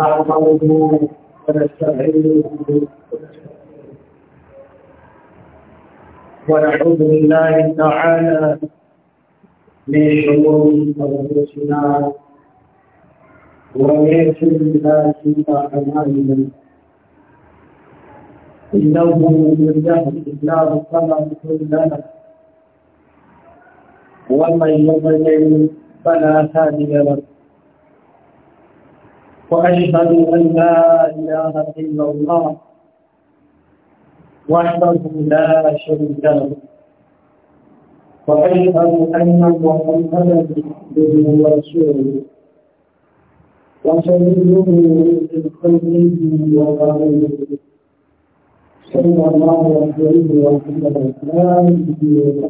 نعبده ونستعينه ونعوذ بالله تعالى من شرور أنفسنا ومن سيئات أعمالنا إنه من يهد الله فلا مضل له ومن يضلل فلا هادي له وأشهد أن لا إله إلا الله وحده لا شريك له وأشهد أن محمدا عبده ورسوله وسيده من خلقه وقوله صلى الله عليه وسلم وسلم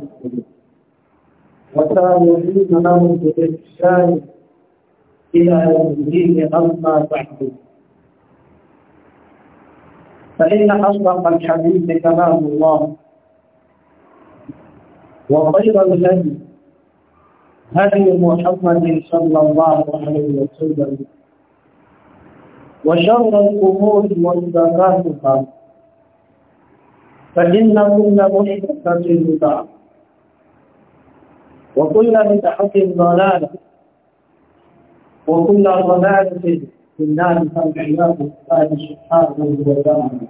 وصحبه وسلم وسلم وسلم إلى يوم الدين أما بعد فإن أصدق الحديث كلام الله وخير الهدي هدي محمد صلى الله عليه وسلم وشر الأمور محدثاتها فإن كل محدثة بدعة وكل بدعة ضلالة وكل ضلالة في النار فالعياذ بالله سبحانه وتعالى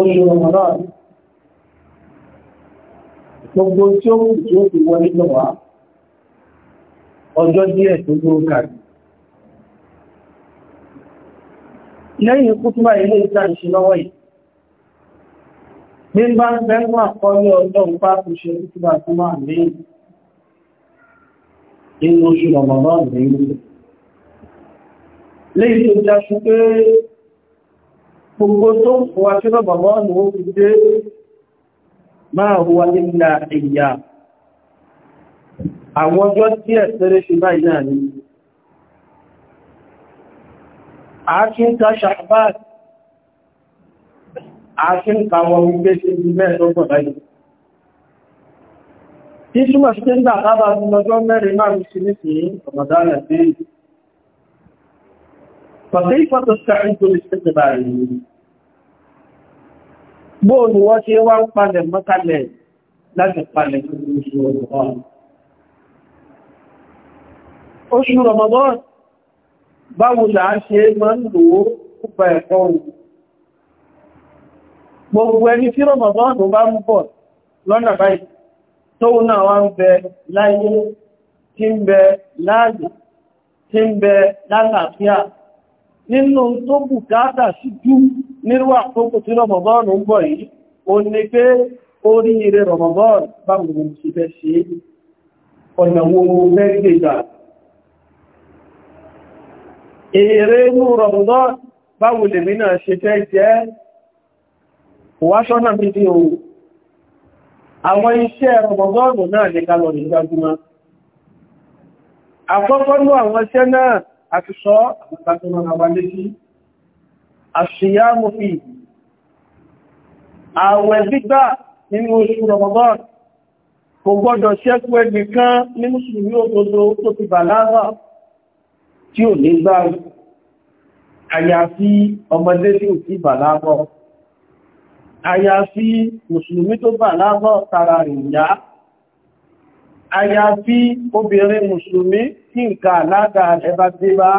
oṣù ramadan gbogbo tí ó kù tí ó fi wọlé lọ́wọ́ ọjọ́ díẹ̀ tó ló kàrí lẹ́yìn kútúbà ilé ìta ìṣẹ́lọ́wọ́ yìí bí bá ń bẹ́rún àkọọ́lẹ̀ ọjọ́ ń pàtàkì ṣe kútúbà tó máa mẹ́rin nínú oṣù Ramadan lẹ́yìn lẹ́yìn tó já ṣú pé gbogbo tó fún wa ṣe Ramadan ni ó fi dé máa huwa nílà ìyà àwọn ọjọ́ tí ẹ̀sẹ̀rẹ́ ṣe báyìí náà ni àṣínká ṣàbáàtì àṣínká wọn gbé sí ilé ẹ̀dọ́gbọ̀n báyìí Tí túnmọ̀ sí pé nígbà tábà ní ọjọ́ mẹ́rin máa rú sí ní sí ọmọdánà sí. Pàtẹ́ ìfọ́tọ̀ sẹ́rin tó lè ṣẹ́jẹ̀ báyìí. Bóò ni wọ́n ṣe wá ń palẹ̀ mọ́kálẹ̀ láti palẹ̀ oṣù Ramadan. Oṣù Ramadan báwo là á ṣe máa ń lò ó púpà ẹ̀kọ́ Gbogbo ẹni tí Ramadan bá ń bọ̀ lọ́nà báyìí tóun náà wá ń bẹ láyé tí ń bẹ láàyè tí ń bẹ lálàáfíà nínú tó bùkátà sí jú nírú àkókò tí rọmọbọ́ọ̀nù ń bọ̀ yìí o ní pé oríire rọmọbọ́ọ̀nù báwo ni mo ti rọmọbọ́ọ̀nù báwo lèmi náà fẹ́ jẹ́ wáṣọ́nà mi àwọn iṣẹ́ rọmọgọ́rùn náà ní kalọ̀rì gbájúmọ́ àkọ́kọ́ ní àwọn iṣẹ́ náà àti sọ àgbàtàmọ́ àwọn létí àṣìyá mú fi àwẹ̀ gbígbà nínú oṣù rọmọgọ́rùn kò gbọ́dọ̀ ṣẹ́kù ẹnìkan ní mùsùlùmí òdodo tó àyàfi mùsùlùmí tó bà lábọ̀ tara rìn yá àyàfi obìnrin mùsùlùmí tí nǹkan alága ẹba dé bá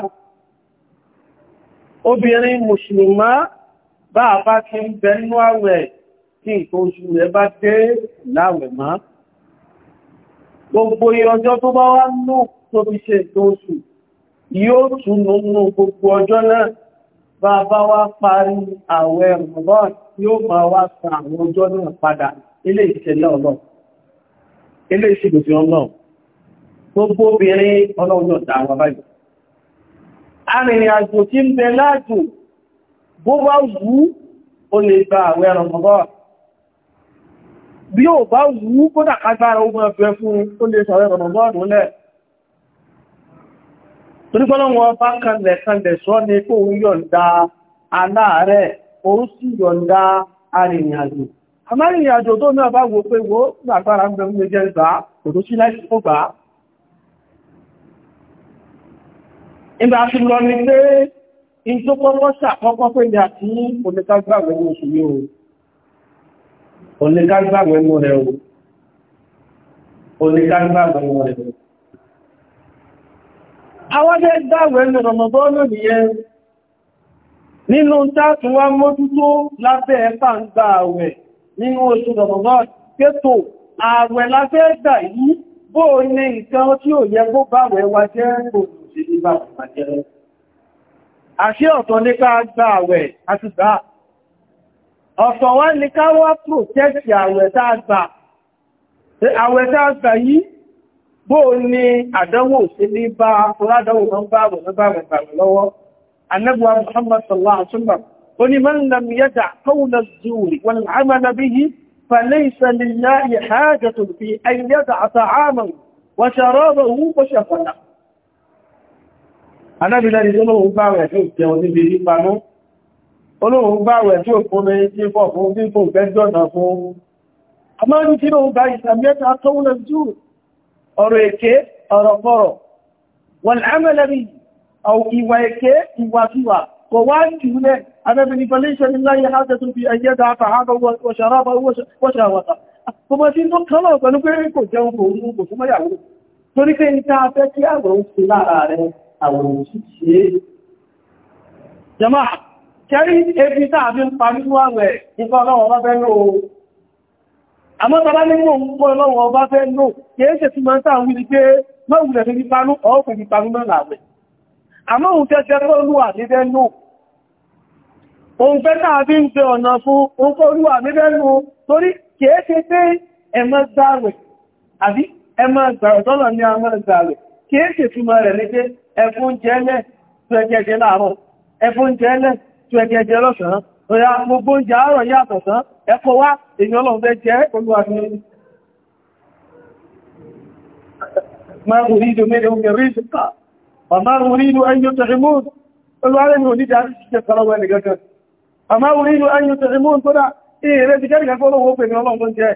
obìnrin mùsùlùmá bá bá ti ń bẹnú àwẹ̀ tí nǹkan oṣù rẹ̀ bá dé láwẹ̀ má gbogbo ọjọ́ tó bá wá nù tó fi ṣe ètò yóò tún nínú gbogbo ọjọ́ náà bá bá wá parí àwẹ̀ rọ̀bọ̀n yóò máa wá sa àwọn ọjọ́ náà padà ilé ìṣẹ̀lẹ̀ ọlọ́run ilé ìṣègùn fi ọlọ́run gbogbo obìnrin ọlọ́run yóò dá àwọn báyìí arìnrìnàjò tí ń bẹ láàjò bó bá wù ó lè gba àwẹ̀ ọmọbọ́ bí ó bá wù kódà kágbára ó máa fẹ́ fún ó lè sàwẹ̀ ọmọbọ́ lẹ́ torípọ́lọ́wọ́ bá kanlẹ̀ kanlẹ̀ sọ́ ni kó ń yọ̀ǹda aláàrẹ̀ òun sì yọ̀ǹda arìnrìnàjò amárìnrìnàjò tó náà bá wo pé wo gbàgbára ń gbẹ̀mú jẹ́ ìgbà kò tó sí láìsí fún gbà ìgbà fi lọ ní pé in tó kọ́kọ́ sàkọ́kọ́ pé ní àti oníkágbàwẹ̀ ní oṣù yóò oníkágbàwẹ̀ mú rẹ̀ o oníkágbàwẹ̀ mú rẹ̀ nínú tààtù wá mójútó lábẹ́ ẹ̀fà ń gba àwẹ̀ nínú oṣù dọ̀dọ̀dọ̀ kétò àwẹ̀ lábẹ́ ẹ̀gbà yìí bó ní ìkan tí ò yẹ kó báwẹ̀ wa jẹ́ àṣẹ ọ̀tọ̀ ní ká gba àwẹ̀ àti gbà ọ̀tọ̀ wá ní ká wá protect àwẹ̀ tá a gbà àwẹ̀ tá a gbà yìí bó ní àdánwò sí ní bá fúnládánwò mọ́ النبوة محمد صلى الله عليه وسلم ولمن لم يدع قول الزور والعمل به فليس لله حاجة في أن يدع طعامه وشرابه وشفنه Anábi lẹ́ni tí olóòun báwẹ̀ tí ó jẹun níbi ìpamú, olóòun báwẹ̀ tí ó fún mi tí fọ́ fún bí fún gẹ́jọ́nà fún. A máa ní tí ó bá ìsàmẹ́ta tó wùlọ jù ọ̀rọ̀ èké, ọ̀rọ̀ fọ́rọ̀. Wọ̀n iwa ẹ̀kẹ́ ìwàkíwà kò wá ń jù lẹ́ anábìnrin palẹ́ṣẹ́ ní láyé hajjẹ́ tó fi ẹyẹ́ dáta hajjọ́ wọ̀ṣàrábà wọ́ṣàwọ̀ta kò mọ́ sí tó kánlọ̀ pẹ̀lú pé kò jẹun kò mú kò fún mọ́yàwó torí pé ìta afẹ́ kí àwọ̀ ń fi lára rẹ̀ àwọ̀ ebi ọlọ́wọ́ fẹ́ ní àmọ́ òun tẹ́tẹ́ olúwa níbẹ̀ nù òun fẹ́ náà bí ń pẹ ọ̀nà fún orúkọ olúwa níbẹ̀ nù torí kìí ṣe pé ẹmọ́ gbààwẹ̀ àbí ẹmọ́ gbààwẹ̀ tọ́lọ̀ ní ẹmọ́ gbààwẹ̀ kìí ṣe túnmọ̀ rẹ̀ ní pé ẹfún jẹ́lẹ̀ tó ẹgẹ́gẹ́ láàárọ̀ ẹfún jẹ́lẹ̀ tó ẹgẹ́gẹ́ lọ́sàn-án ọ̀yà gbogbo oúnjẹ àárọ̀ yàtọ̀ sán ẹ̀kọ́ wá èyàn ọlọ́run fẹ́ jẹ́ olúwa ní ma orí ìdòmẹ́rẹ̀ oúnjẹ rí ìsìnká وما أريد أن يطعمون العالم يقول لي عارف كيف قالوا انا كذا وما أريد أن يطعمون كنا ايه رد كان يقولوا هو بين الله من جاي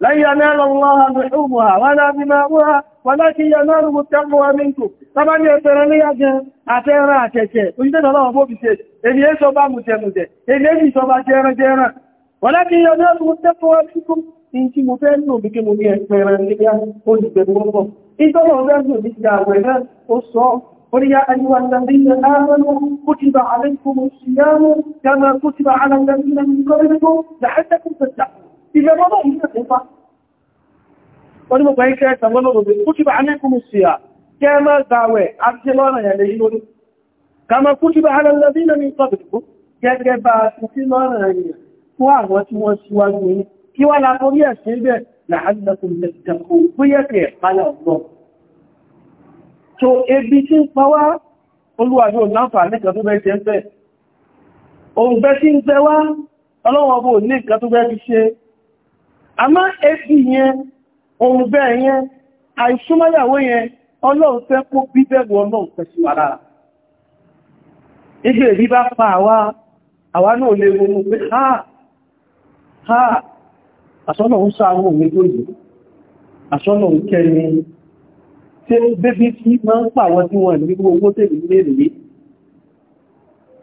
لن ينال الله لحومها ولا دماؤها ولكن يناله التقوى منكم طبعا يترني اجن اترى اتكه وجد الله بو بيسه ابي يسو با مجه مجه ابي يسو با جيران جيران ولكن يناله التقوى منكم ní tí mo fẹ́ lò bí kí mo ní ẹ̀pẹ̀rẹ̀ nígbà olùgbẹ̀gbọ́gbọ̀. ìtọ́lọ̀ ọ̀gbẹ̀gbọ̀ ní ti àwẹ̀ náà ó sọ oríyá ayúwà nàbílẹ̀ ààrùn kútìbà alẹ́kùnmù síyámù kama kútìbà alẹ́kùnmù kọ́rìnkọ́ láẹ́sẹ̀kùn tẹ̀tà ìlẹ̀mọ́lọ́ ìrìnàtẹ́fà wọ́n ni mo gbẹ̀yìn kẹ́ ẹ̀sàmọ́lọ́gbẹ̀ kútìbà alẹ́kùnmù síyá kẹ́mọ́ dáwẹ̀ àbíṣẹ́lọ́nà yẹ̀lẹ̀ yìí lórí kama kútìbà alẹ́kùnmù kọ́rìnkọ́ gẹ́gẹ́ bá ti sí lọ́rọ̀ yìí fún àwọn tí wọ́n síwájú yìí kí wá la torí ẹ̀sìn bẹ̀ làádọ́kùn tẹ̀tẹ̀kù bóyẹ̀kẹ̀ pálẹ̀ ọ̀gbọ́ so ebi tí ń pa wá olúwàjò láǹfà nìkan tó bẹ́ẹ̀ jẹ́ ń bẹ̀ òun bẹ́ sí ń yẹn òun yẹn ọlọ́run fẹ́ kó bíbẹ̀rù ọlọ́run fẹ́ sí ìgbè rí bá pa àwa àwa náà lè ronú pé ha ha àṣọ́nà sáàrùn òun méjèèjì àṣọ́nà kẹrin tí bébí tí máa ń pàwọn tí wọ́n ní owó tèmi léèrè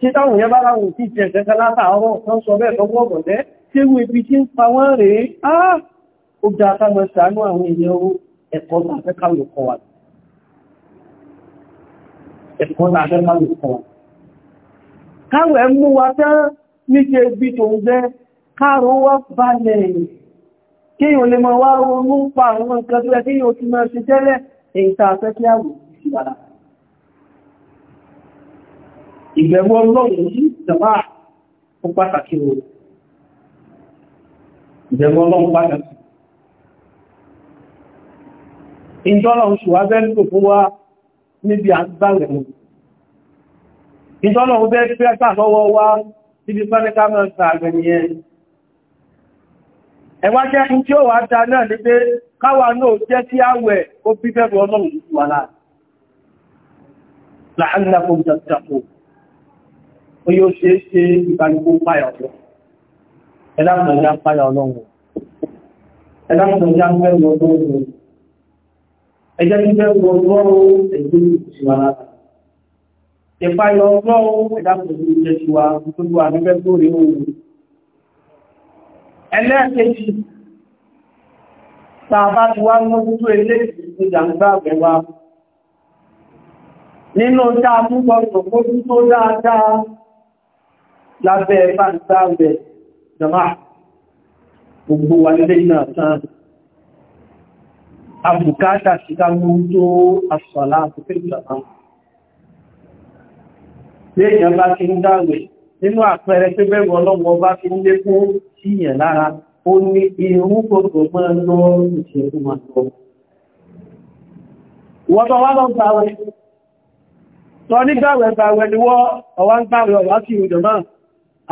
tí táwọn yẹn bá láwọn tí jẹ ẹ̀kẹ́kẹ́ káwẹ̀ mú wa tán níṣe ibi tó ń jẹ́ káàrùn wá balẹ̀ kí yíò lè mọ̀ wá ronú pa àwọn nǹkan tó yẹ kí yíò ti máa ṣe tẹ́lẹ̀ èyí tàà fẹ́ kí àwò sí padà ìbẹ̀rù ọlọ́run yìí jàmá ó pàtàkì o ìbẹ̀rù ọlọ́run pàtàkì ìjọ́lọ́run ṣùwá ẹwà jẹ́ in tí ó wà dá náà ní pé káwà náà jẹ́ sí àwẹ̀ ó bí bẹ̀rù ọlọ́run tó wà láà láàrínlẹ́kùn jàpò ó yóò ṣe é ṣe ìbánikó páyà ọ̀rọ̀ ẹ̀dàmọ̀ ìyá páyà ọlọ́run ẹ̀dàmọ̀ ìyá bẹ̀rù ọlọ́run ẹjẹ́ ní bẹ̀rù ọlọ́run ẹ̀gbẹ́ ìṣúwà láà ìpáyà ọlọ́run ẹ̀dàmọ̀ ìyá bẹ̀rù ọlọ́run ẹlẹ́ẹ̀kejì tàbá ti wá mọ́tútù ilé ìjàǹgbà àgbẹ̀wà nínú tá a mú gbọ́nà mójú tó dáadáa lábẹ́ ẹ̀fà ìsáàbẹ̀ jọmá gbogbo wà nílé náà tán àbùkátà sí ká mú tó àṣọ̀lá àti pé ìjọba nínú àpẹẹrẹ pé bẹ́rù ọlọ́wọ́ bá fi ń lékún síyàn lára ó ní irun gbogbo máa ń lọ ìṣẹ́kú máa lọ. wọ́n tọ́ wá lọ gbàwẹ̀ tọ́ ní gbàwẹ̀ gbàwẹ̀ ni wọ́n ọwá ń gbàwẹ̀ ọ̀wá sí ìrìnjọ náà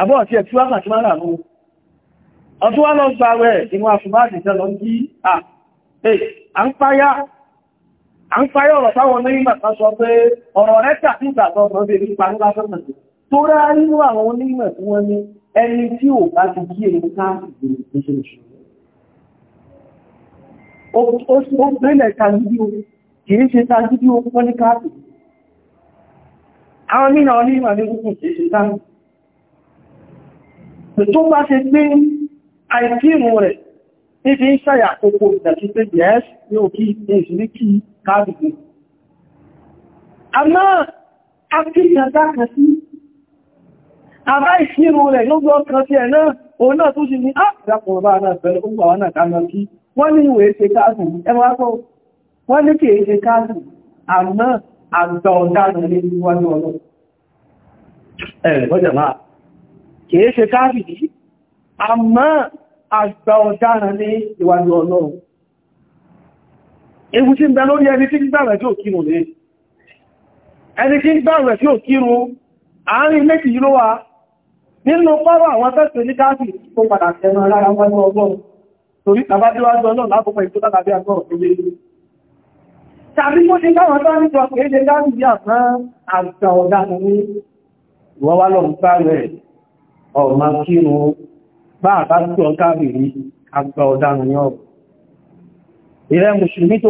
àbọ̀ ọ̀tí ẹ̀tí wákà tí máa mú tó rá nínú àwọn onímọ̀ tí wọ́n ní ẹni tí ò bá ti kí èyí káàkiri e ìṣẹ́ṣẹ́ ó bẹ́lẹ̀ kàgídí o kìí ṣe kàgídí o wọ́n ní káàkiri e. àwọn mínà onímọ̀ ní kúkù kìí ṣe káàkiri e. tó bá ṣe pé àìkírun rẹ̀ níbi ń ṣàyà kòkò ìdàtí pé yẹ́s ní òkí ìṣìlẹ̀ kí káàkiri àmọ́ akíkàtà àbá ìṣírò rẹ̀ ló gbọ́ tí ẹ̀ náà òun náà tó ṣe ní àpùdápùn ah, náà pẹ̀lú ó gbà náà kánà kí wọ́n ní ìwé ṣe káàkùn ẹmọ wọ́n ní kìí ṣe káàkùn àmọ́ àgbà ọ̀daràn ní méjì ló wà nínú pọ́rọ̀ àwọn tẹ́sì ní káàkì tó padà tẹ́mọ̀ lára wọn ní ọgbọ́n torí tàbájúwájú ọlọ́run lápòpọ̀ ìtò tàbí àgbọ̀n òfin lè tàbí kó ṣe káwọn tó ní jọpọ̀ èdè káàkì bí àpán àgbà ọ̀dá ní wọ́n wá lọ sáré ọ̀mà kírun bá àbá tí ọ káàkì rí àgbà ọ̀dá ní ọ̀rọ̀ ìrẹ́ mùsùlùmí tó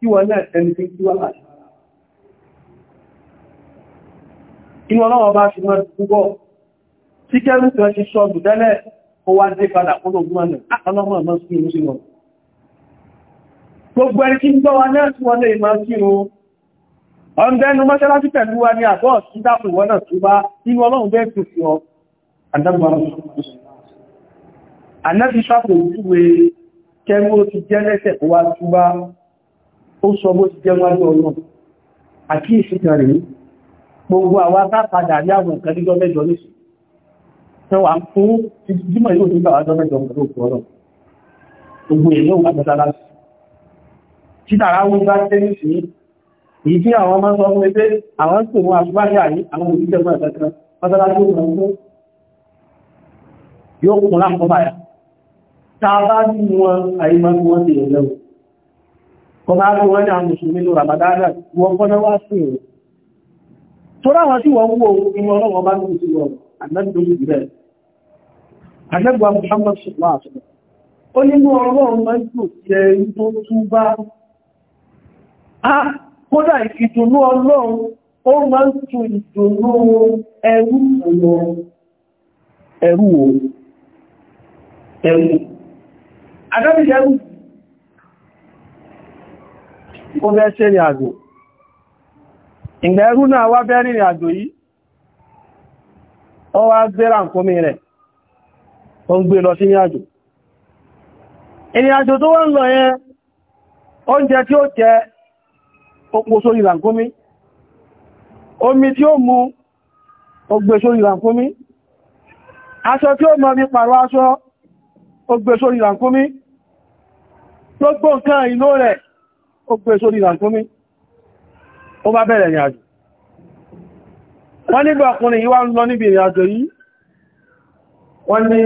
kí wọ́n náà ẹni tí kí wọ́n láti inú ọlọ́wọ́ bá ṣe mọ́ púpọ̀ tí kẹ́rù tí wọ́n ti sọ gùdẹ́lẹ̀ ó wá dé padà kún ògùn ọ̀nà ah, ọlọ́mọ̀ ọmọ sí inú sí wọn gbogbo ẹni tí ń gbọ́ wa náà tí wọ́n lè máa sí wọn ọ̀ndẹ́nu mọ́ṣáláṣí pẹ̀lú wa ní àgọ́ sí dákùn wọ́n náà tó bá inú ọlọ́run bẹ́ẹ̀ tó fi ọ àdágbà ànáfi sápò ojúwe kẹrù ó ti jẹ́ lẹ́sẹ̀ kó wá ó sọ bó ti jẹ́ wájú ọlọ́run àkíyèsí kan rèé gbogbo àwọn akápadà ní àwọn nǹkan díjọ́ mẹ́jọ ní tẹwàá fún jímọ̀ yóò nígbà wájọ́ mẹ́jọ pẹ̀lú òkú ọ̀rọ̀ gbogbo èèyàn wà pẹ̀sára títàrà wọn bá tẹ́ ní sí èyí tí àwọn ọmọ sọ fún ẹgbẹ́ àwọn tó mú aṣúgbájá yìí àwọn òṣìṣẹ́ mọ́ ẹ̀kẹ́kẹ́ pẹ̀sára tó mọ̀ fún yóò kún lápọ̀ báyà tá a bá ní kọ bá rí wọ́n ní àwọn mùsùlùmí ló ramadana wọ́n kọ́nà wá sí rẹ̀ tó ráwọn sí wọ́n wó inú ọlọ́wọ́ bá ní ìwọ̀n àdẹ́gbẹ̀rẹ̀ ìbẹ̀rẹ̀ àdẹ́gbà Muhammad sallallahu alaihi wasallam ó nínú ọlọ́run máa ń tò jẹ tó tún bá a kódà ìdùnnú ọlọ́run ó máa ń tún ìdùnnú ẹrú ẹrú ẹrú ó fẹ́ ṣe rìn àjò ìgbà ẹrú náà wá fẹ́ rìnrìn àjò yìí ó wá gbéra nkómi rẹ̀ ó ń gbé lọ sí ìrìn àjò ìrìn àjò tó wọ́n lọ yẹn oúnjẹ tí ó jẹ opo sórí rànkómi omi tí ó mu ó sórí rànkómi aṣọ tí ó mọ́ ní pàrọ aṣọ ó sórí rànkómi gbogbo nǹkan ìlò rẹ̀ ó gbé sórí ìrànkúnmí ó bá bẹ̀rẹ̀ ìrìn àjò wọ́n nígbà ọkùnrin yíwá ń lọ níbi ìrìn àjò yìí wọ́n ní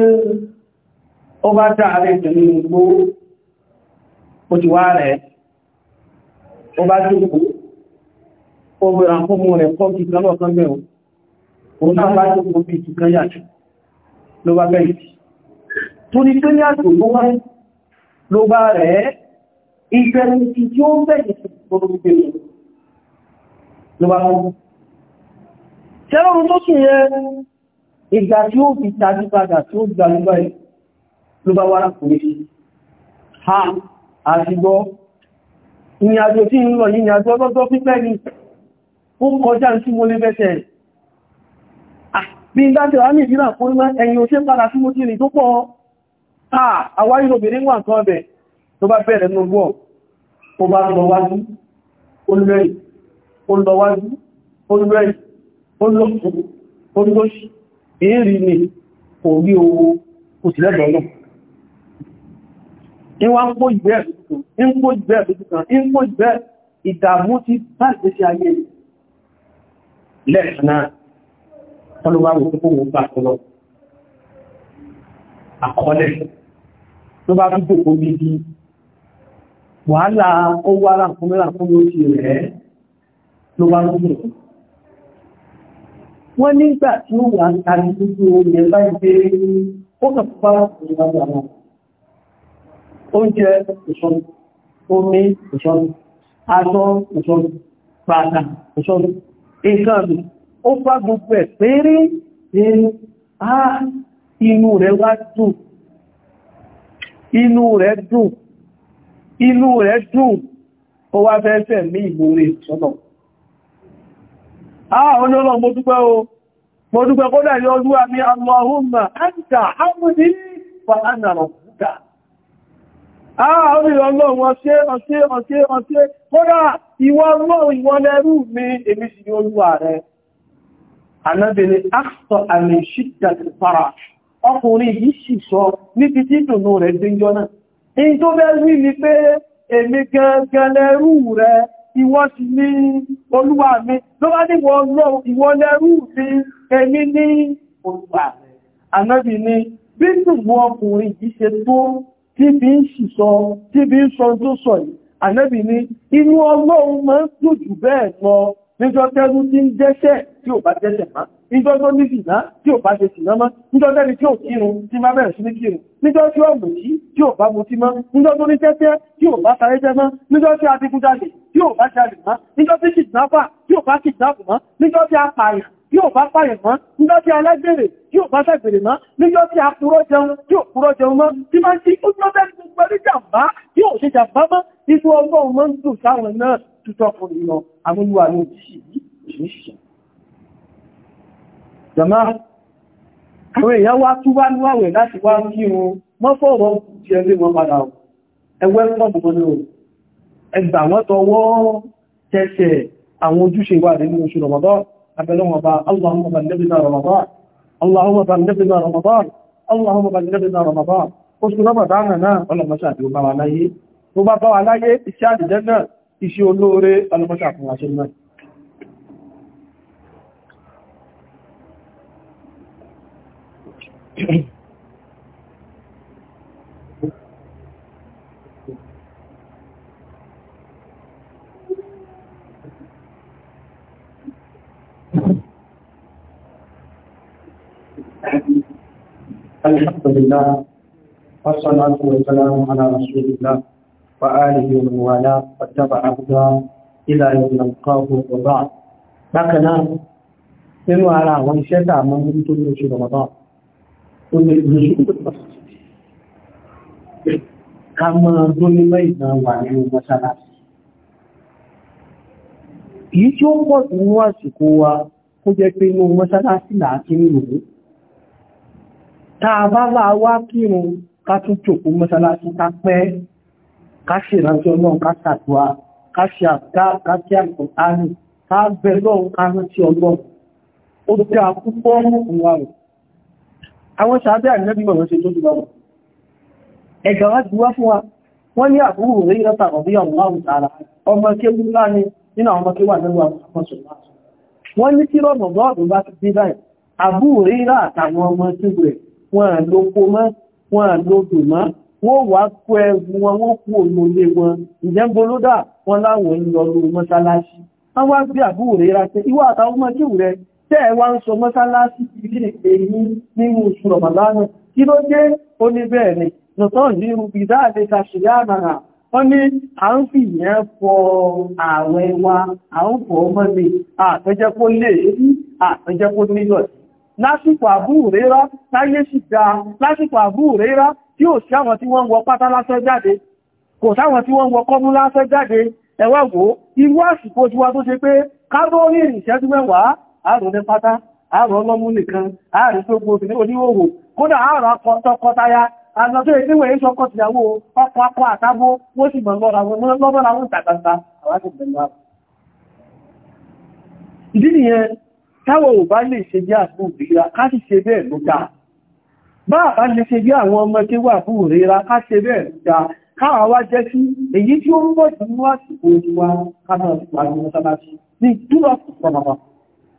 ó bá dáàrẹ ìtẹ̀lú gbó ó ti wá rẹ̀ ó bá jókòó ó gbẹ̀rẹ̀ àkọ́mù rẹ̀ kọ́ kí kan lọ́ọ̀kan gbẹ̀rún òun náà bá jókòó bí ìtìkan yàtọ̀ ló bá bẹ̀rẹ̀ tó ní pé ní àjò ló bá rẹ̀ ìbẹ̀rẹ̀ tí ó bẹ̀rẹ̀ sí gbogbo gbèrè ló bá mú. Tẹ́lọ́run tó ṣe yẹ ìgbà tí ó fi tàbí padà tí ó gbà lúgbà ló bá wára kò rí. Ha, àṣìgbọ́, ìyìn àjò tí ń lọ yìí àjò ọlọ́jọ́ pípẹ́ ni, ó kọjá sí mo lé bẹ́sẹ̀ Bí ń àmì ìdínà fún ẹ̀yìn òṣè padà sí mo ti rìn tó pọ̀, àwárí lóbìnrin wà nǹkan ọbẹ̀ tó bá bẹ̀rẹ̀ nínú ọgbọ́n ó bá lọ wájú olóyìn ó lọ wájú olóyìn olóòkú olóòṣì èrí ni kò rí owó kò sí lẹ́gbẹ̀ẹ́ náà ìwà ń kó ìgbẹ́ ń kó ìgbẹ́ ń kó ìgbẹ́ ìdààmú ti bá ìgbésí ayé lẹ́ẹ̀kanáà ọlọ́wàwò tó kòwò bá tọ́lọ àkọọ́lẹ̀ tó bá tó kòkó bí wàhálà ó wá rákúnmẹ́rà fún ló ti rẹ̀ ló bá rúrù wọ́n nígbà tí ó wà tàbí gbogbo oúnjẹ báyìí pé ó kàpá oúnjẹ ìṣọ́nù omi ìṣọ́nù aṣọ ìṣọ́nù pàtà ìṣọ́nù ìṣọ́nù ó bá gbogbo ẹ̀ péré ní ah, inú rẹ̀ wá dùn inú rẹ̀ dùn inú rẹ̀ dùn ó wá fẹ́ fẹ́ mí ìmòrè sọ́nà àwọn ah, olóòrùn mo dúpẹ́ o mo dúpẹ́ kó dà ní olúwa mi Allahumma anta hamdi fa ana rabbuka àwọn ah, ìrọ̀lọ́run ọṣẹ́ ọṣẹ́ ọṣẹ́ ọṣẹ́ kódà ìwọ lọ́run ìwọ lẹ́rú mi èmi sì ní olúwa rẹ̀ anábìnrin akṣọ àmì ṣídà ti fara ọkùnrin yìí sì sọ níbi tí ìdùnnú rẹ̀ déjọ́ náà in tó bẹ́ wí ni pé èmi gangan lẹ́rú rẹ ìwọ sì ni olúwa mi ló bá ní wọ́n lọ ìwọ lẹ́rú mi èmi ní olúwa rẹ̀ anábì ni bí tùgbọ́ ọkùnrin yìí ṣe tó tí bí ń ṣìṣọ́ tí bí ń sọ tó sọ yìí anábì ni inú ọlọ́run máa ń dùn jù bẹ́ẹ̀ lọ níjọ́ tẹ́rú tí ń dẹ́ṣẹ̀ tí ò bá dẹ́ṣẹ̀ máa níjọ́ tó ní ìná tí ò bá ṣe sì náà mọ́ níjọ́ tẹ́ni tí ò kírun tí má bẹ̀rẹ̀ sí ní kírun níjọ́ tí ó mú sí tí ò bá mú sí mọ́ níjọ́ tó ní tẹ́tẹ́ tí ò bá sáré jẹ́ mọ́ níjọ́ tí adigunjalè tí ò bá jalè mọ́ níjọ́ tí kìdínápà tí ò bá kìdínápù mọ́ níjọ́ tí apààyàn tí ò bá pààyàn mọ́ níjọ́ tí alágbèrè tí ò bá ṣàgbèrè mọ́ níjọ́ tí apurọ́ jẹun tí ò purọ́ jẹun mọ́ tí máa ń tí ó jọ́ bẹ́ẹ̀ gbogbo ẹni jàmbá tí ò ṣe jàmbá mọ́ nítorí ọgbọ́n mọ́ ń dùn sáwọn náà tútọ́ fún ìlọ àwọn olúwa ló yìí òṣìṣẹ́ jama àwọn èèyàn wá tún wá níwàwẹ̀ láti wá kí wọn mọ́fọ́rọ̀ ti ẹgbẹ́ wọn padà ẹwẹ́ pọ̀pọ̀ ní o ẹgbà wọ́n tọwọ́ tẹ́sẹ̀ àwọn ojúṣe wà nínú oṣù Ramadan abẹ́lọ́wọ̀n bá Allahumma ballighna Ramadan Allahumma ballighna Ramadan Allahumma ballighna Ramadan oṣù Ramadan náà ọlọ́mọṣà tí ó bá wà láyé tó bá bá wà láyé iṣẹ́ àdìjẹ́ náà iṣẹ́ olóore ọlọ́mọṣà fún àṣẹ náà الحمد لله والصلاة والسلام على رسول الله وآله ومن والاه واتبع هداه إلى يوم نلقاه وبعد لكن أنا إنه على وإن شاء من يمكن رمضان tó lè rí ká máa gbónímọ̀ ìgbà wà nínú mọ́sálásí èyí tí ó pọ̀ jù ní àsìkò wa kó jẹ́ pé inú mọ́sálásí láti ń lòó táa bá bá wá kírun ká tún jòkó mọ́sálásí ká pẹ́ ká ṣe ìrántí ọlọ́run ká ṣàdúrà ká ṣe àdá ká kí àkọ̀tánì àwọn sàábẹ́ àrínlẹ́bìmọ̀ wọ́n ṣe tó jùlọ wọn ẹgbà wá ti wá fún wa wọ́n ní àbúrò rí rọ́ta ọ̀bí ọ̀láwù tààrà ọmọ kéwú láni nínú àwọn kéwà nínú wọ́n ní tí rọ́nà bọ́ọ̀dùn bá ti dé báyìí àbúrò rí rà àtàwọn ọmọ síbù rẹ̀ wọ́n ló kó mọ́ wọ́n ló dùn mọ́ wọ́n wá kó ẹrù wọn wọ́n kú òmòlé wọn ìjẹ́mbolódà wọn láwọn ń lọ lórí mọ́sálásí wọ́n wá gbé àbúrò rí rà sí ìwọ́ àtàwọn ọmọ síbù rẹ̀ tẹ́ ẹ wá ń sọ mọ́sálásí ìdílé èyí nínú oṣù rọ̀màlánà kí ló dé ó ní bẹ́ẹ̀ ni nùtọ́ ní rúbí dáadé ka ṣe yáàmàrà ó ní à ń fi ìyẹn fọ ààwẹ̀ wa a ń fọ ọmọ mi àpẹjẹ kó lè rí àpẹjẹ kó nílò lásìkò àbúrérá láyé sì dáa lásìkò àbúrérá tí ò sí àwọn tí wọ́n wọ pátá lásán jáde kò sáwọn tí wọ́n wọ kọ́mú lásán jáde ẹwà wò irú àsìkò tí wá tó ṣe pé kábọ́ ní ìrìnṣẹ́jú mẹ́wàá àrùn pátá àrùn ọlọ́mú nìkan àrùn tó gbogbo ní oníwòwò kódà àrùn akọtọkọtaya àlọ́tọ́ ìdíwẹ̀ yìí sọkọ tìyàwó akọ àtàbó wó sì mọ̀ àwọn àti bẹ̀rẹ̀ àrùn ìdí nìyẹn táwọn ò bá lè ṣe bí àbú àwọn ọmọ tí ní àsìkò ìwà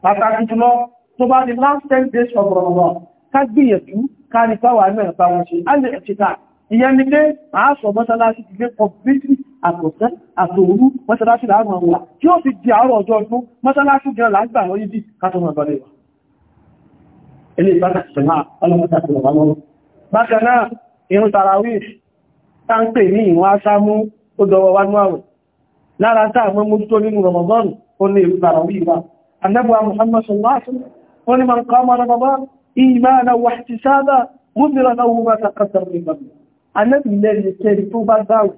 pàtàkì jùlọ tó bá ní last ten days of Ramadan ká gbìyànjú ká ní pàwà mẹ́rin pàwọn ṣe á lè ẹ̀ṣẹ̀ta ìyẹn ni pé àásọ̀ mọ́sálásí ti lé kọ̀bítì àtọ̀sẹ́ àtòrú mọ́sálásí láàrín àwọn tí ó fi di àárọ̀ ọjọ́ ọdún mọ́sálásí jẹ́ lágbà àwọn yìí kátọ́mọ̀ ìbálẹ̀ wà. ilé ìbátàkì sẹ́mà ọlọ́pàá tàbí ọmọ bákan náà irun tarawih táńpè ní ìwọ̀n asámú ó dọwọ́ lára táà mọ́ mójútó nínú Ramadan ó ní irun tarawih wà النبوة محمد صلى الله عليه وسلم ولمن قام رمضان إيمانا واحتسابا غفر له ما تقدم من ذنبه النبي الذي يكتب توبة داوي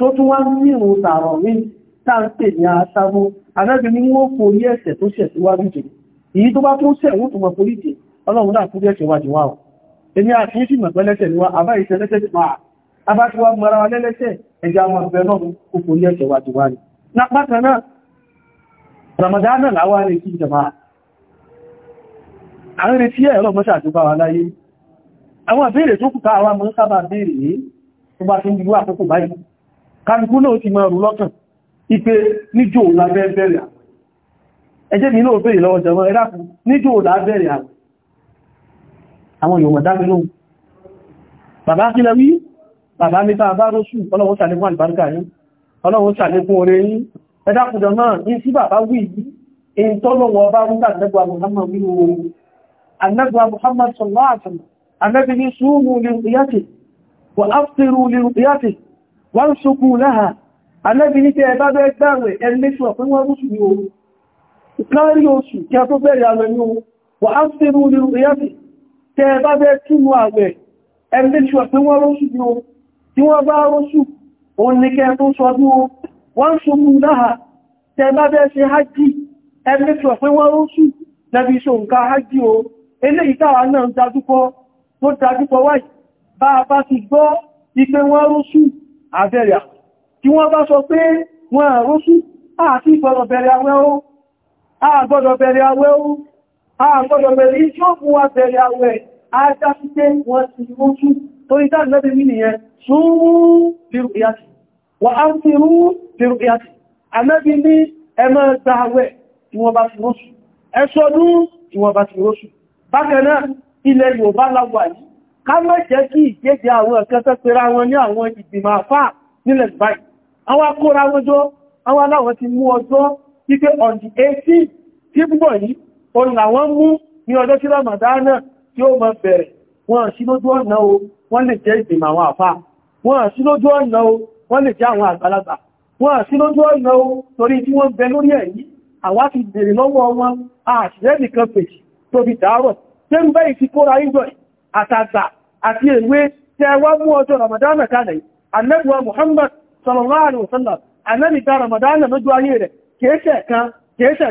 tó tún wá nírò tààrọ̀ rí táǹpè ní aṣáwó anábi ní wọ́n kò rí ẹ̀ṣẹ̀ tó ṣẹ̀ síwájú jẹ́ èyí tó bá tún ṣẹ̀ wọ́n tó mọ̀ forí jẹ́ ọlọ́run náà kú jẹ́ṣẹ̀ wájú wá èmi àti ìsìn mọ̀ pẹ́lẹ́ṣẹ̀ ni wá àbá ìṣẹ́ lẹ́ṣẹ̀ ti máa abá ti wá mọ́ra wa lẹ́lẹ́ṣẹ̀ ẹja mọ̀ bẹ̀rẹ̀ náà kò forí ẹ̀ṣẹ̀ wájú wá ní ramadanar àwọn arìnkí jama'a a ń retí ẹ̀rọ mọ́ṣà tó bá wa láyé àwọn àbẹ́rẹ tó kùta àwọn mọ́ sábà bèèrè ní tó bá tún gbogbo àkókò báyìí kàrùkú náà ti máa rú lọ́kàn ipé níjò lábẹ́ẹ̀bẹ̀rẹ̀ àwọn ẹjẹ́ mi náà bèèrè lọ́wọ́ jẹmọ́ ẹ̀rákùn níjò lábẹ́ẹ̀rẹ̀ àwọn àwọn yòmọ̀ dámínú bàbá kílẹ̀ wí bàbá nípa bá rọ́ṣù ọlọ́wọ́ sàlékún àlùbáríkà yìí ọlọ́wọ́ sàlékún orí yìí ẹ̀dàkùdọ̀ náà ní sí bàbá wí èyí tọ́lọ̀wọ̀ ọba rúgbà nẹ́gbà Muhammad wíwo annagbà Muhammad sallallahu alaihi wasallam annabi ní sumu liruyati wa aftiru liruyati wa suku laha annabi ní tẹ́ bá bẹ́ gbàwẹ̀ ẹlẹ́sùn ọ̀pẹ́ wọ́n rúsù ní oru kárí oṣù kí a tó bẹ̀rẹ̀ àwẹ̀ ní oru wa aftiru liruyati tẹ́ bá bẹ́ túnú àwẹ̀ ẹlẹ́sùn ọ̀pẹ́ wọ́n rúsù ní oru tí wọ́n bá rúsù òun ní wọ́n ń ṣogbù láha tẹ bá bẹ́ ṣe hajji ẹgbẹ́sọ̀ pé wọ́n ń ṣù lẹ́bí ṣe nǹkan hajji o eléyìí táwa náà dájúkọ tó dájúkọ wáyì bá a bá ti gbọ́ ipé wọ́n rọ́ṣù àbẹ̀rẹ̀ tí wọ́n bá sọ pé wọ́n rọ́ṣù àti gbọ́dọ̀ bẹ̀rẹ̀ àwẹ̀ o àgbọ́dọ̀ bẹ̀rẹ̀ àwẹ̀ o àgbọ́dọ̀ bẹ̀rẹ̀ iṣẹ́ òkú wa bẹ̀rẹ̀ àwẹ̀ ajá sí pé wọ́n ti rọ́ṣù torí táà lẹ́bí mi nìyẹn sún wà á ti rú fìrùkìyàtì anábi ní ẹmọ́ dáwẹ́ tí wọ́n bá ti róṣù ẹṣọ́dún tí wọ́n bá ti róṣù bákanáà ilẹ̀ Yorùbá láwà yìí ká mọ́ jẹ́ kí ìkéde àwọn ẹ̀kẹ́sẹ́ pẹ̀rẹ̀ àwọn ní àwọn ìgbìmọ̀ àfà nílẹ̀ báyìí àwọn akóra wọn jọ àwọn aláwọ̀ ti mú ọjọ́ wípé on the 18 tí wọ́n sí lójú ọ̀nà o wọ́n lè jẹ́ àwọn àgbàlagbà wọ́n sí lójú ọ̀nà torí tí wọ́n bẹ lórí èyí àwa ti bèèrè lọ́wọ́ wọn àṣìṣẹ́ nìkan pèsè tó fi dáárọ̀ tẹ́rù bẹ́ẹ̀ ti kóra ìjọ àtàgbà àti èwe tẹ́ wá mú ọjọ́ Ramadan kalẹ̀ annabuwa Muhammad sallallahu alaihi wasallam annabi Ramadan lójú ayé rẹ̀ kìí ṣẹ̀kan kìí ṣẹ̀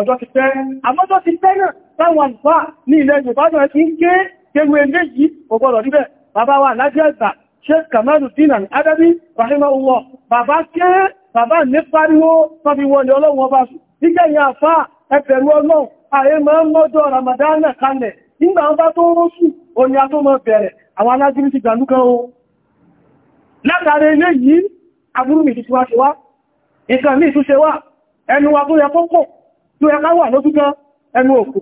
ọjọ́ ti pẹ́ àmọ́jọ́ ti pẹ́ náà táwọn àlùfà ní ilẹ̀ Yorùbá náà ti ń ké kéru eléyìí kò gbọ́dọ̀ níbẹ̀ bàbá wa lájẹ́ ẹ̀gbà Sheikh Kamaluddin Adabi rahimahullah bàbá ké bàbá ní pariwo tọ́bi wọlé ọlọ́run ọba sùn nígbẹ̀ yẹn àfá ẹgbẹ̀rú ọlọ́run ààrẹ máa ń mọ́jọ́ Ramadan kalẹ̀ nígbà ọba tó rọ́sù òní a tó mọ́ bẹ̀rẹ̀ àwọn alájírí ti gbà lúkọ́ o látàrí ilé yìí aburú mi ti wá ṣe wá nǹkan mi tún ṣe wá ẹnu wa tó yẹ kókò tó ẹka wà lójúgán ẹnu òkú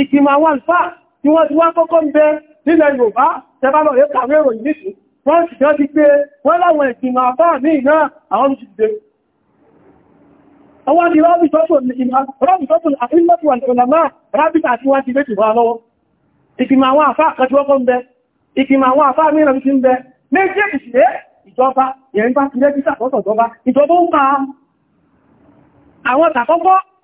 ìkìmọ̀ àwọn àlùfáà tí wọ́n ti wá kọ́kọ́ ń bẹ nílẹ̀ Yorùbá tẹbálọ̀ yóò kàwé ìròyìn nìsí wọ́n sì jọ ti pé wọ́n láwọn ìgbìmọ̀ àfáà ní ìná ni rọ́bì sọ́tún àìlọ́pù àlùmọ́ rábìtà tí wọ́n ti lé ti bá lọ́wọ́ ìgbìmọ̀ àwọn àfáà kọjú ọkọ́ ń bẹ ìgbìmọ̀ àwọn àfáà mìíràn ti ń bẹ méjèèjì sí ìjọba ìyẹn bá ti lẹ́bí sàtọ́tọ̀ ìjọba ìjọba ń pa àwọn tàkọ́kọ́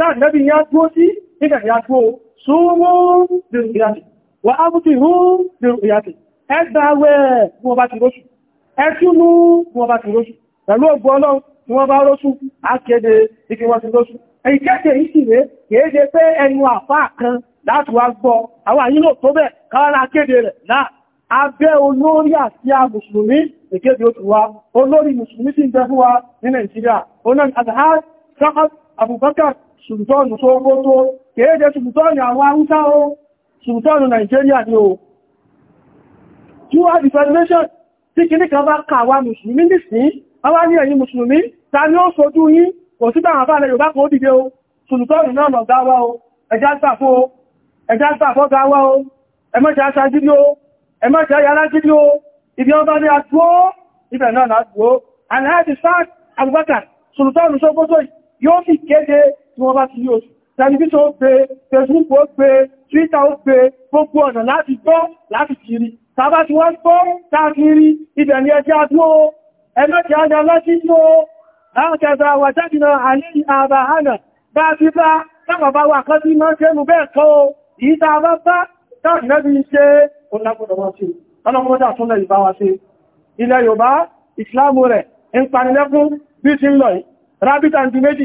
táà nẹ́bí yá dúó sí ìgbẹ̀ yá dúó súnmọ́ lèrò ìyàtì wà ábútì hún lèrò ìyàtì ẹgbàwẹ̀ bí wọ́n bá ti róṣù ẹtúnú bí wọ́n bá ti róṣù pẹ̀lú ọgbọ́ ọlọ́run tí wọ́n bá róṣù á kéde ikú wọ́n ti róṣù ìkẹ́kẹ̀ẹ́ ìsìnlé kìí ṣe pé ẹnu àfáà kan láti wá gbọ́ àwọn àyílò tó bẹ̀ kára kéde rẹ̀ náà abẹ́ olórí àti mùsùlùmí ìkéde ó ti wá olórí mùsùlùmí sí ń bẹ fún wa ní Nàìjíríà onan azhar sahab Abubakar sùlùtọ́nù tó gbó tó kéèdè sùlùtọ́nù àwọn Haúsá o sùlùtọ́nù Nàìjíríà ni o jùwà defamation tí kì ní kan bá ká wá mùsùlùmí nìsín awá ní ẹ̀yin mùsùlùmí ta ni ó sojú yín kò sí bá àbá Yorùbá kan ó dìde o sùlùtọ́nù náà lọ gáwá o ẹjá gbàfọ́ sùlùtọ́nù sógbótó yóò fi kéde tí wọ́n bá ti yóò tẹlifíṣọ́ ó pé facebook ó pé twitter ó pé gbogbo ọ̀nà láti gbọ́ láti kiri tàbá ti wọ́n gbọ́ káàkiri ibẹ̀ ni ẹjẹ́ adúó ẹlọ́kẹ́ ajá lọ́sí tó láàkẹta wà jágìnà àlẹ́yìn àbà hànà bá ti bá sábàbá wà kọ́ sí máa ṣẹ́nu bẹ́ẹ̀ kọ́ ìyí tàà bá bá káàkiri bí ṣe ọlọ́gbọ́dọ̀ wọ́n sí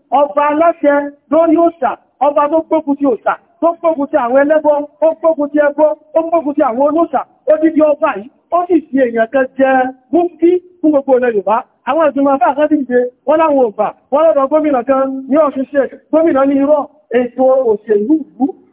ọba aláṣẹ lórí òṣà ọba tó gbógun ti òṣà tó gbógun ti àwọn ẹlẹ́bọ ó gbógun ti ẹbọ ó gbógun ti àwọn olóṣà ó dídí ọba yìí ó sì fi èèyàn kan jẹ múkí fún gbogbo ilẹ̀ Yorùbá àwọn ìgbìmọ̀ afẹ́ àkọ́ dìde wọ́n láwọn òbà wọ́n lọ́dọ̀ gómìnà kan ní Ọ̀ṣun ṣe gómìnà ní irọ́ ètò òṣèlú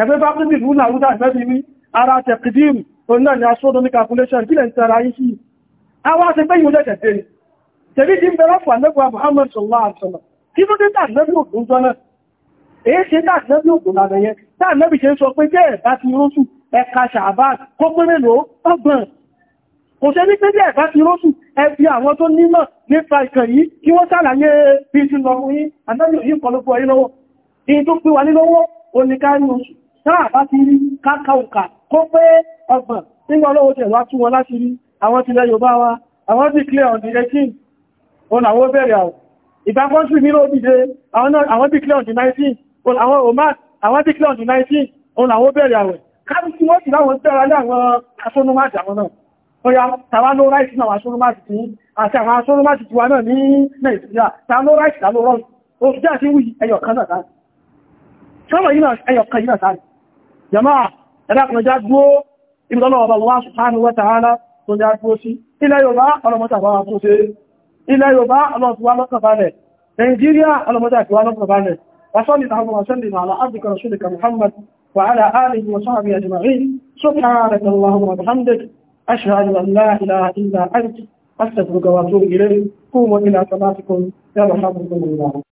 ẹgbẹ́ bá pín bìbú náà wúdá ìfẹ́bí mi ara tẹ̀kìdìm onílẹ̀ ni astronomy calculation kílẹ̀ ti ara yìí sí a wá ti pé ìwúlẹ̀ tẹ̀tẹ̀ tẹ̀bí ti ń bẹ̀rẹ̀ fún àlẹ́gbà Muhammad sallallahu alaihi wasallam kí ló dé tàbí ògùn jọ́nà èé ṣe tàbí ògùn lára yẹn tàbí ṣe ń sọ pé jẹ́ ẹ̀bá ti rọ́sù ẹ̀ka ṣàbá kó pẹ́rẹ́ lò ọgbọ̀n kò ṣe ní pé jẹ́ ẹ̀bá ti rọ́sù ẹbí àwọn tó nímọ̀ nípa ìkàn yìí kí wọ́n sàlàyé bí ti lọ fún yí òyìn kọlọ́pọ̀ yí lọ́wọ́ táà bá ti rí kákàùkà kó pé ọgbọ̀n nígbà olówó tẹ̀ wá tún wọn láti rí àwọn tilẹ̀ Yorùbá wa àwọn ti clear on the 18 òun àwọn bẹ̀rẹ̀ àwọ̀ ìgbà kọ́ntù ní lóòdìde àwọn ti clear on the 19 òun àwọn Oman àwọn ti clear on the 19 òun àwọn bẹ̀rẹ̀ àwẹ̀ káàkiri tí wọ́n ti láwọn bẹ̀rẹ̀ alẹ́ àwọn asónúmáàdì àwọn náà Oya, tàwa ló ráìsì náà asónúmáàdì tí àti àwọn asónúmáàdì tí wa náà ní Nàìjíríà, tàwa ló ráìsì tàà ló rọrùn, òṣìṣẹ́ àti wùí ẹyọ̀kan náà sáà. Sọ́rọ̀ yìí náà ẹyọ̀kan yìí náà sáà jama'a ẹ̀dàkùn já dúó ìgbọ́lọ̀wọ̀bà wá subhanahu wa ta'ala tó já dúó sí ilẹ̀ Yorùbá ọlọ́mọ́ta bá wá tó ṣe ilẹ̀ Yorùbá ọlọ́mọ́ta lọ́kàn balẹ̀ Nàìjíríà ọlọ́mọ́ta kí wá lọ́kàn balẹ̀ وصلي اللهم وسلم على عبدك رسولك محمد وعلى آله وصحبه أجمعين سبحانك اللهم وبحمدك أشهد أن لا إله إلا أنت أستغفرك وأتوب إليك قوموا إلى صلاتكم يا رحمة الله